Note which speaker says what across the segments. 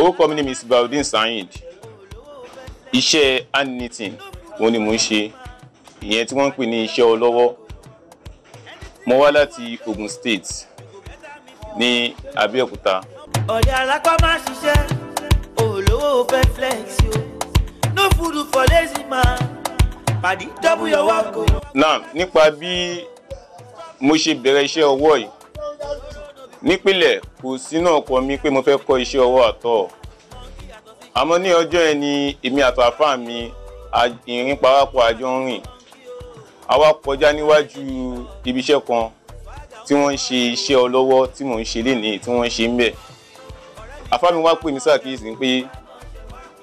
Speaker 1: orúkọ mi ni Mr. Baudin Saheed iṣẹ́ handknitting òun ni mò ń ṣe ìyẹn tí wọ́n ń pè ní iṣẹ́ ọlọ́wọ́ mo wá láti Ogun State ní Abẹ́òkúta.
Speaker 2: ọ̀dẹ̀ alápá máa ṣiṣẹ́ olówó fẹ́ flex o no food for lazy man
Speaker 1: pàdé double your work o. náà nípa bí mo ṣe bẹ̀rẹ̀ iṣẹ́ ọwọ́ yìí nípìnlẹ̀ kò sínú ọkọ mi pé mo fẹ́ kọ́ iṣẹ́ ọwọ́ àtọ̀ àmọ́ ní ọjọ́ yẹn ni èmi àtàfà mi ìrìn parapọ̀ àjọ ń rìn àwa kọjá níwájú ibiṣẹ́ kan tí wọ́n ń ṣe iṣẹ́ ọlọ́wọ́ tí mò ń ṣe lénìí tí wọ́n ń ṣe ń bẹ̀ àfà mi wá pè mí sàkíyèsí pé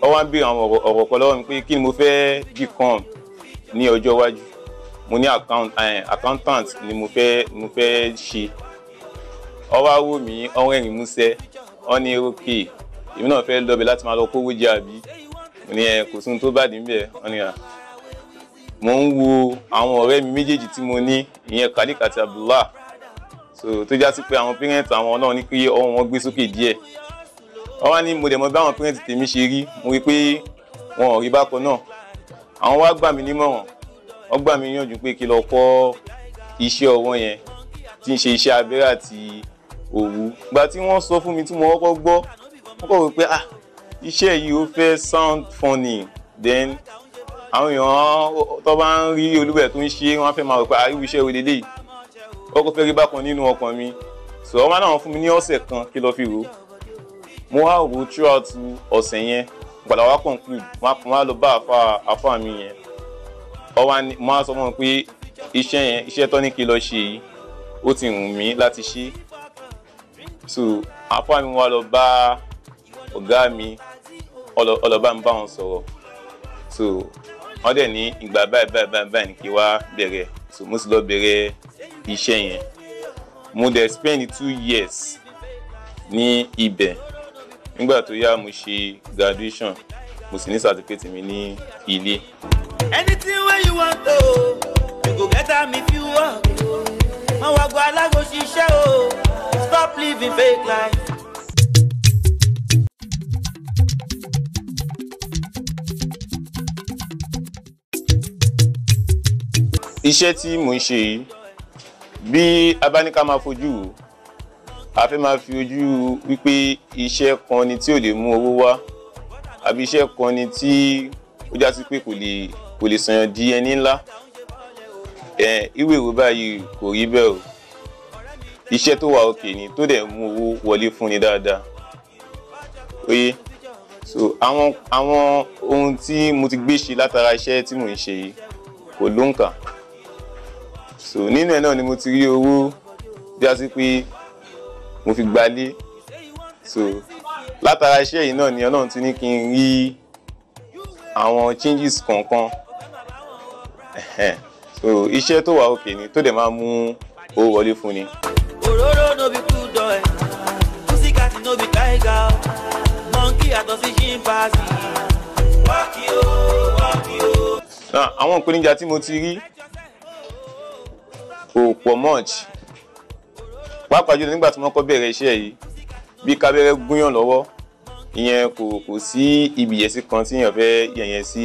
Speaker 1: ó wá ń béèrè àwọn ọ̀rọ̀ kan lọ́wọ́ mi pé kí ni mo fẹ́ become ní ọjọ́ iwájú mo ní eh, accountant ni mo fẹ́ ṣe ọwọ́ awò mí ọwọ́ ẹ̀rìn músẹ́ ọ ní ókè èmi náà fẹ́ lọ́bẹ̀ láti máa lọ kówó jẹ àbí ní ẹ kò sóhun tó bàdí ń ọ ní à mo ń wo àwọn ọ̀rẹ́ mi méjèèjì tí mo ní ìyẹn Khalik àti Abdullah so tó já pé àwọn pírẹ́ǹtì àwọn náà ní pé ọwọ́ wọn gbé sókè díẹ̀ wọ́n wá ní mo dẹ̀ mọ̀ bí àwọn pírẹ́ǹtì tèmi ṣe rí mo rí pé wọn ò rí bákan náà àwọn wá gbà mí nímọ̀ràn wọ́n gbà mí níyànjú pé kí lọ kọ́ iṣẹ́ ọwọ́ yẹn tí ń ṣe iṣẹ́ abẹ́rẹ́ àti òwú ìgbà tí wọ́n sọ fún mi tí mo kọ́kọ́ gbọ́ wọ́n kọ̀ wípé ah iṣẹ́ yìí ó fẹ́ sound funny then àwọn èèyàn tó bá ń rí olúwẹ̀ tó ń ṣe wọ́n á fẹ́ máa wò pé àríwú ah, iṣẹ́ òde dé yìí wọ́n kò fẹ́ rí bákan nínú ọkàn mi so wọ́n máa náà fún mi ní ọ̀sẹ̀ kan kí lọ fi rò mo wá rò throughout ọ̀sẹ̀ yẹn gbàdá wa conclude wọ́n á lọ bá àfa àfa mi yẹn wọ́n wá ní mo á sọ fún wọn pé iṣẹ́ yẹn iṣẹ́ tó ní kí lọ ṣe yìí ó ti wù mí láti ṣe é so àfáà mi wá lọ bá ọ̀gá mi ọlọ́ba ń bá wọn sọ̀rọ̀ so wọ́n dẹ̀ ní ìgbà báyìí báyìí báyìí báyìí ní kí wá bẹ̀rẹ̀ so mo sì lọ bẹ̀rẹ̀ iṣẹ́ yẹn mo dẹ̀ spend two years ní ibẹ̀ nígbà tó yá mo ṣe graduation mo sì ní certificate mi ní ilé.
Speaker 2: anything wey you wan to you go get am if you work. mo wàgbọ́ alágbó ṣiṣẹ́ o stop living fake life.
Speaker 1: iṣẹ́ tí mò ń ṣe yìí bí a bá ní ká máa fojú wò a fẹ́ máa fi ojú wípé iṣẹ́ kan ni tí ò lè mú owó wá àbí iṣẹ́ kan ni tí ó já sí pé kò lè kò lè sànyàn di ẹni ńlá ẹ ìwé ìwé báyìí kò rí bẹ́ẹ̀ o iṣẹ́ tó wà òkè ni tó dẹ̀ mú owó wọlé fún ni dáadáa oye so àwọn àwọn ohun tí mo ti gbé ṣe látara iṣẹ́ tí mò ń ṣe yìí kò ló ń kà so nínú ẹ̀ náà ni mo ti rí owó bí a ti pé mo fi gbalé so látara iṣẹ́ yìí náà ni Ọlọ́run ti ní kí n rí àwọn changes kọ̀ọ̀kan so iṣẹ́ tó wà òkè ni tó dẹ̀ máa mú owó wọlé fún ni.
Speaker 2: Ororo no be cool dog. Pussycat no be tiger. Monkey àtọ̀ sí chimpanzee. Wákì o,
Speaker 1: wákì o. Àwọn ìpèníjà tí mo ti rí kò pọ̀ much. Pàápàá jùlọ nígbà tí wọ́n kọ́ bẹ̀rẹ̀ iṣẹ́ yìí bí kábẹ́rẹ́ gúnyàn lọ́wọ́ ìyẹn kò kò sí ibi kan tí èèyàn fẹ́ yẹ̀yẹ̀ sí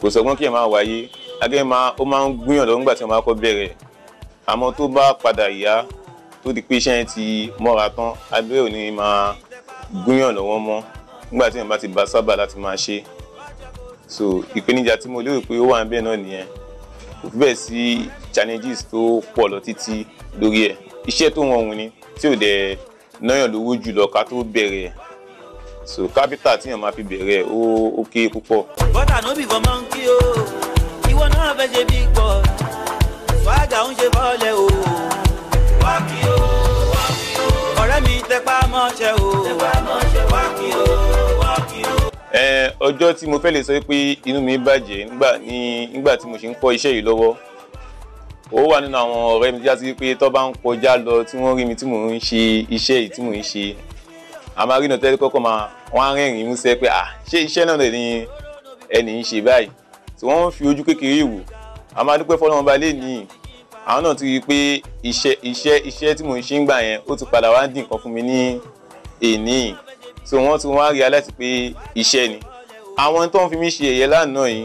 Speaker 1: kò sọgbọ́n kí ẹ̀ máa wáyé agẹ́ máa ó máa ń gúnyàn lọ́wọ́ nígbà tí wọ́n máa kọ́ bẹ̀rẹ̀ àmọ́ tó bá padà yá tó di pé iṣẹ́ yẹn ti mọ́ra tán abẹ́rẹ́ ò ní máa gúnyàn lọ́wọ́ mọ́ nígbà tí èèyàn bá ti bá sábà láti máa ṣe so ìpèníjà tí mo lérò pé ó wà níbẹ̀ náà nìyẹn kò fi bẹ́ẹ̀ sí challenges tó pọ̀ lọ títí lórí ẹ̀ iṣẹ́ tó rọrùn ni tí ò dẹ̀ náyàn lówó jùlọ ká tó bẹ̀rẹ̀ so capital tí èèyàn máa fi bẹ̀rẹ̀ ó ó kéré púpọ̀.
Speaker 2: bọ́tà ló bì fọmọ ń kí o ìwọ náà fẹ́ ṣe bí gbọ́ fàájà ń ṣe fọ́ọ̀lẹ̀ o wá kí o tẹpá mọ́ṣẹ́ o tẹpá mọ́ṣẹ́ wá kí o
Speaker 1: wá kí o. ẹ ọjọ́ tí mo fẹ́ lè sọ pé inú mi bàjẹ́ nígbà ní nígbà tí mo ṣe ń kọ́ iṣẹ́ yìí lọ́wọ́ ó wà nínú àwọn ọ̀rẹ́ mi jásí pé tó bá ń kọjá lọ tí wọ́n rí mi tí mò ń ṣe iṣẹ́ yìí tí mò ń ṣe àmọ́ àrínà tẹ́lẹ̀ kọ́kọ́ máa wọ́n á rẹ́rìn-ín músẹ́ pé à ṣé iṣẹ́ náà ni ẹnì ń ṣe báyìí tí wọ́n ń fi ojú kékeré wò àmọ́ adúpẹ́ fọlọ́mọba lè ní àwọn náà ti rí i pé iṣẹ́ iṣẹ́ iṣẹ́ tí mò ń ṣe ń gbà yẹn ó ti padà wá dín nǹkan fún mi ní èní so wọ́n ti wá realize pé iṣẹ́ ni àwọn tó ń fi mí ṣe ẹ̀yẹ lánàá yìí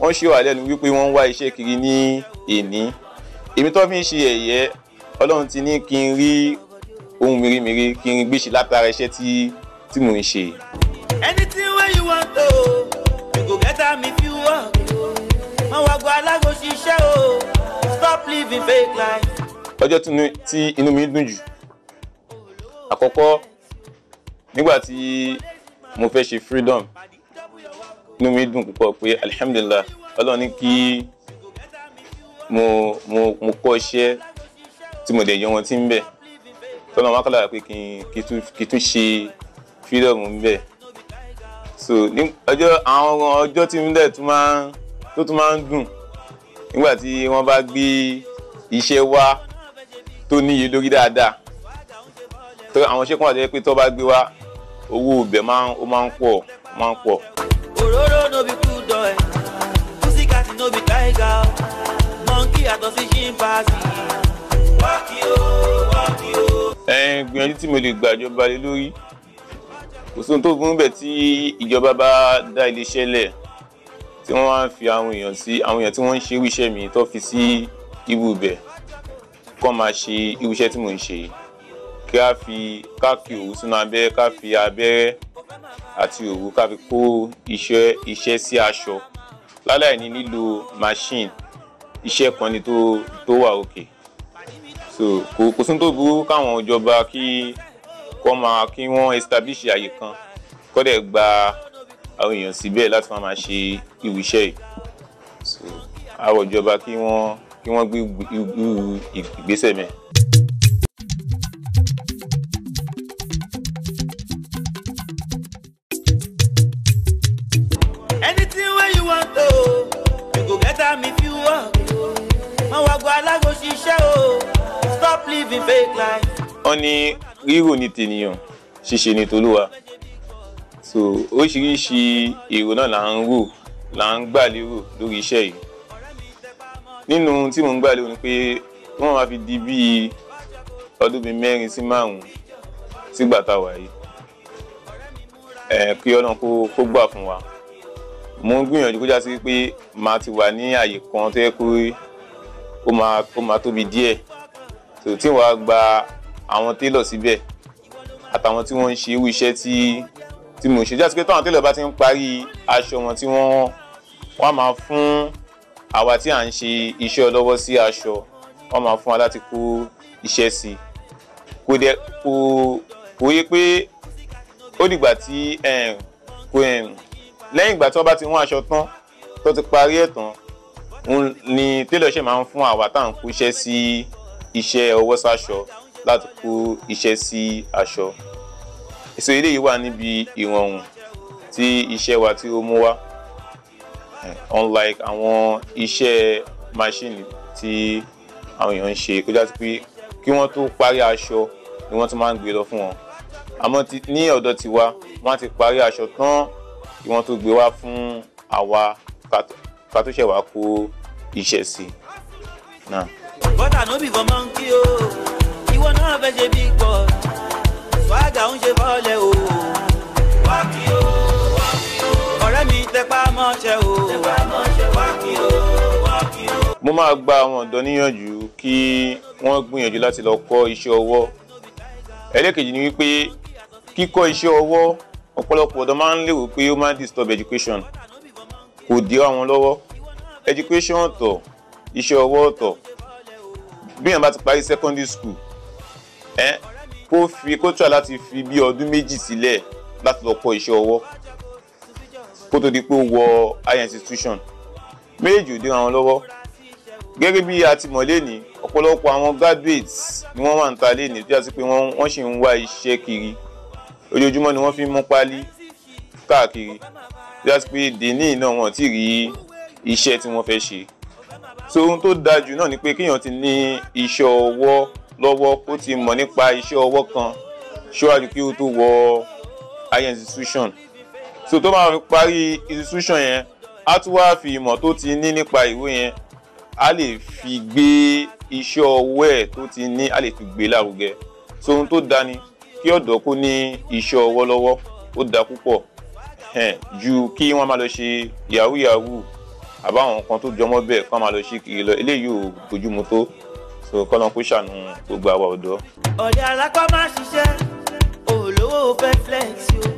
Speaker 1: wọ́n ṣe wà lẹ́nu wípé wọ́n ń wá iṣẹ́ kiri ní èní èmi tó fi ń ṣe ẹ̀yẹ ọlọ́run ti ní kí n rí ohun mèremère kí n gbé ṣe látara iṣẹ́ tí tí mò ń ṣe.
Speaker 2: anything wey you want o you go get am if you work. wọ́n wá gbọ́ alágbó o stop living fake life.
Speaker 1: ọjọ́ tí inú mi dùn jù àkọ́kọ́ nígbà tí mo fẹ́ ṣe freedom inú mi dùn púpọ̀ pé alihamdulilah ọlọ́run ní kí mo mo mo kọ́ iṣẹ́ tí mo dẹ̀ yọ wọn tí ń bẹ̀ tọ́lọ́ wọn kọ́lára pé kí n kí tún ṣe freedom ń bẹ̀ so ní ọjọ́ àwọn ọjọ́ tí ń dẹ̀ tó máa ń dùn nígbà tí wọ́n bá gbé iṣẹ́ wá tó níye lórí dáadáa tó àwọn iṣẹ́ kan wà tó yẹ pé tó bá gbé wá owó ibẹ̀ máa ń pọ̀ máa ń pọ̀.
Speaker 2: òróró no be cool dog eh. pussycat no be tiger oh. monkey àtọ̀ sí chimpanzee wákì
Speaker 1: ó oh, wákì ó. Oh. ẹ̀ẹ́n gbìyànjú tí mo lè gbàjọba lé lórí kò sóhun tó gún bẹ̀ tí ìjọba bá dá iléeṣẹ́ lẹ̀ tí wọ́n wá ń fi àwọn èèyàn sí àwọn èèyàn tí wọ́n ń ṣe irú iṣẹ́ mi tó fi sí irú ibẹ̀ kọ́ máa ṣe irú iṣẹ́ tí mò ń ṣe kí a fi ká fi òwú sínú abẹ́rẹ́ ká fi abẹ́rẹ́ àti òwú ká fi kó iṣẹ́ iṣẹ́ sí aṣọ láláì ní lílo machine iṣẹ́ kan ni tó tó wà òkè so kò kò sún tó burú káwọn ìjọba kí kọ́ máa kí wọ́n establish àyè kan kọ́ dẹ̀ gba àwọn èèyàn síbẹ̀ láti máa ṣe irú iṣẹ́ yìí àrọ̀ ìjọba kí wọ́n kí wọ́n gbé irú ìgbésẹ̀ mẹ́.
Speaker 2: anything wey you want o you go get am if you work o wọn wá gbọ́ alágbo ṣiṣẹ́ o stop living fake life.
Speaker 1: wọ́n ní rírò ní tènìyàn ṣíṣe ní tolúwa so oríṣiríṣi èrò náà là ń rò là ń gbà lérò lórí iṣẹ́ yìí nínú tí mò ń gbà lérò ni pé wọ́n máa fi di bíi ọdún bíi mẹ́rin sí márùn-ún sígbà tá a wà yìí ẹ kí ọlọ́run kó gbà fún wa mo ń gbìyànjú kó jásí pé màá ti wà ní àyè kan tó yẹ kó ó máa ó máa tóbi díẹ̀ tó wàá gba àwọn télọ̀ síbẹ̀ àtàwọn tí wọ́n ń ṣe irú iṣẹ́ tí tí mo ṣe jásí pé táwọn télọ̀ bá ti ń parí aṣọ wọn tí wọ́n wọ́n máa fún àwa tí à ń ṣe iṣẹ́ ọlọ́wọ́ sí aṣọ wọ́n máa fún wa láti kó iṣẹ́ sí i kò dẹ̀ kò kò yẹ pé ó dìgbà tí ehm, kò ehm, lẹ́yìn ìgbà tí wọ́n bá ti wọ́n aṣọ tán tó ti parí ẹ̀ tán ni télọ̀ ṣe máa ń fún àwa tá à ń kó iṣẹ́ sí iṣẹ́ ọwọ́ sáṣọ láti kó iṣẹ́ sí aṣọ èso eléyìí wà níbi ìrọ̀rùn tí iṣẹ́ wa tí ó mú wá unlike àwọn iṣẹ́ machine tí àwọn èèyàn ń ṣe kó jásí pé kí wọ́n tó parí aṣọ ni wọ́n ti máa ń gbé lọ fún wọn àmọ́ ní ọ̀dọ̀ tiwa wọ́n á ti parí aṣọ tán kí wọ́n tó gbé wá fún àwa ká tó ṣẹ̀wá kó iṣẹ́ sí i.
Speaker 2: bọ́tà no be for monkey o ìwọ náà fẹ́ ṣe big boy swaga ń ṣe fọ́lẹ̀ o. wákì o wákì o. ọ̀rẹ́ mi tẹpá mọ́ṣẹ́ o. tẹpá mọ́ṣẹ́ wákì o
Speaker 1: wákì o. mo máa gba àwọn ọ̀dọ́ níyànjú kí wọ́n gbìyànjú láti lọ kọ́ iṣẹ́ ọwọ́ ẹlẹ́kejì ni wípé kíkọ́ iṣẹ́ ọwọ́ ọ̀pọ̀lọpọ̀ ọ̀dọ́ máa ń léwu pé ó máa ń disturb education kò dé àwọn lọ́wọ́ education ọ̀tọ̀ iṣẹ́ ọwọ́ ọ̀tọ̀ bí èèyàn bá ti parí secondary school eh? kó fi kó try láti fi bí ọdún méjì sílẹ̀ láti lọ kọ́ iṣẹ́ ọwọ́ kó tó di pé ó wọ higher institution méjì ò dé wọn lọ́wọ́ gẹ́gẹ́ bí a ti mọ̀ lẹ́ni ọ̀pọ̀lọpọ̀ àwọn graduates ni wọ́n wà ń ta lẹ́ni tó yà sí pé wọ́n sì ń wá iṣẹ́ kiri ojoojúmọ́ ni wọ́n fi ń mú pálí káàkiri tó yà sí pé dèní náà wọn ti rí iṣẹ́ tí wọ́n fẹ́ ṣe so ohun tó dáa jù náà ni pé kéèyàn ti ní iṣẹ́ ọwọ́ lọ́wọ́ kó ti mọ̀ nípa iṣẹ́ ọwọ́ kan ṣíwájú kí o tó wọ higher institution so tó máa fi parí institution yẹn á tún wá fi ìmọ̀ tó ti ní nípa ìwé yẹn á lè fi gbé iṣẹ́ ọwọ́ ẹ̀ tó ti ní á lè fi gbé e lárugẹ so ohun tó dáa ni kí ọ̀dọ́ kó ní iṣẹ́ ọwọ́ lọ́wọ́ ó dáa púpọ̀ ju kí wọ́n máa lọ ṣe yahoo yahoo àbáwọn kan tó jọmọ́ bẹ́ẹ̀ kán máa lọ ṣe kiri eléyìí ò bójúmu tó so kọ́lọ́n kó ṣàánú gbogbo àwa ọ̀dọ́.
Speaker 2: ọ̀rẹ́ alápá máa ṣiṣẹ́ olówó fẹ́ flex o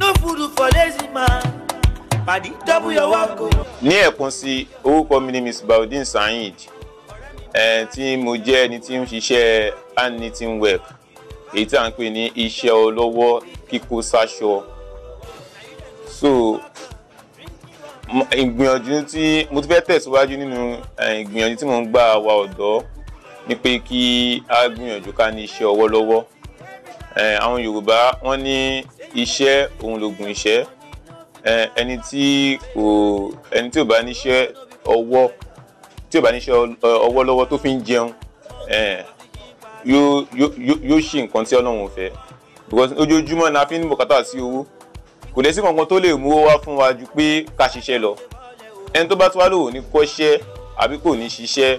Speaker 2: no food for lazy man pàdé double your work o.
Speaker 1: ní ẹ̀kún sí orúkọ mi ni Miss Baudin Saheed tí mo jẹ́ ẹni tí ń ṣiṣẹ́ hand knitting èyí tí à ń pè ní iṣẹ́ ọlọ́wọ́ kíkó sáṣọ so ìgbìyànjú tí mo ti fẹ́ tẹ̀síwájú nínú ìgbìyànjú tí mo ń gbà wá ọ̀dọ́ ni pé kí a gbìyànjú ká ní iṣẹ́ ọwọ́ lọ́wọ́ àwọn Yorùbá wọ́n ní iṣẹ́ òun lògùn iṣẹ́ ẹni tí kò ẹni tí ò bá níṣẹ́ ọwọ́ tí ò bá níṣẹ́ ọwọ́ lọ́wọ́ tó fi ń jẹun yóò ṣe nǹkan tí Ọlọ́run fẹ́ because ojoojúmọ́ la fi ń bùkátà sí owó kò lè kankan tó lè mú wá fún wa ju pé ká ṣiṣẹ́ lọ ẹni tó bá tún wá lò ní kọ́ṣẹ́ àbí kò ní ṣiṣẹ́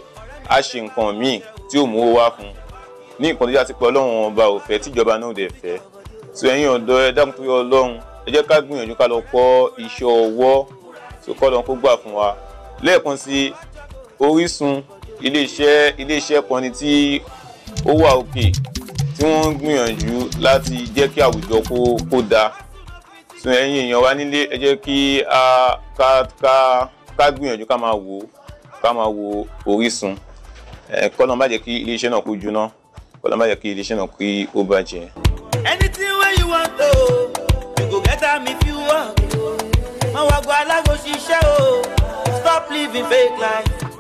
Speaker 1: á ṣe nǹkan míì tí ó mú owó wá fún ní nǹkan tó yá sí pé ọlọ́run ọba ò fẹ́ tíjọba náà dẹ̀ fẹ́ so ẹ̀yin ọ̀dọ́ ẹ dákun pé ọlọ́run ẹ jẹ́ ká gbìyànjú ká lọ kọ́ iṣẹ́ ọwọ́ tó kọ́ lọ́n kó gbà fún wa lẹ́ẹ̀kan sí Orísun iléeṣẹ́ iléeṣẹ́ kan ni tí ó wà òkè tí wọ́n ń gbìyànjú láti jẹ́ kí àwùjọ kó kó dáa so ẹ̀yin èèyàn wa nílé ẹ jẹ́ kí a ká ká ká gbìyànjú ká máa wò ká máa wò Orísun. Eh, kọ́nà má jẹ́ kí iléeṣẹ́ náà kú jóná kọ́nà má jẹ́ kí iléeṣẹ́ náà kí ó bàjẹ́.
Speaker 2: anything wey you want o you go get am if you work. mọ̀wá gba alágbó ṣiṣẹ́ o stop living fake life.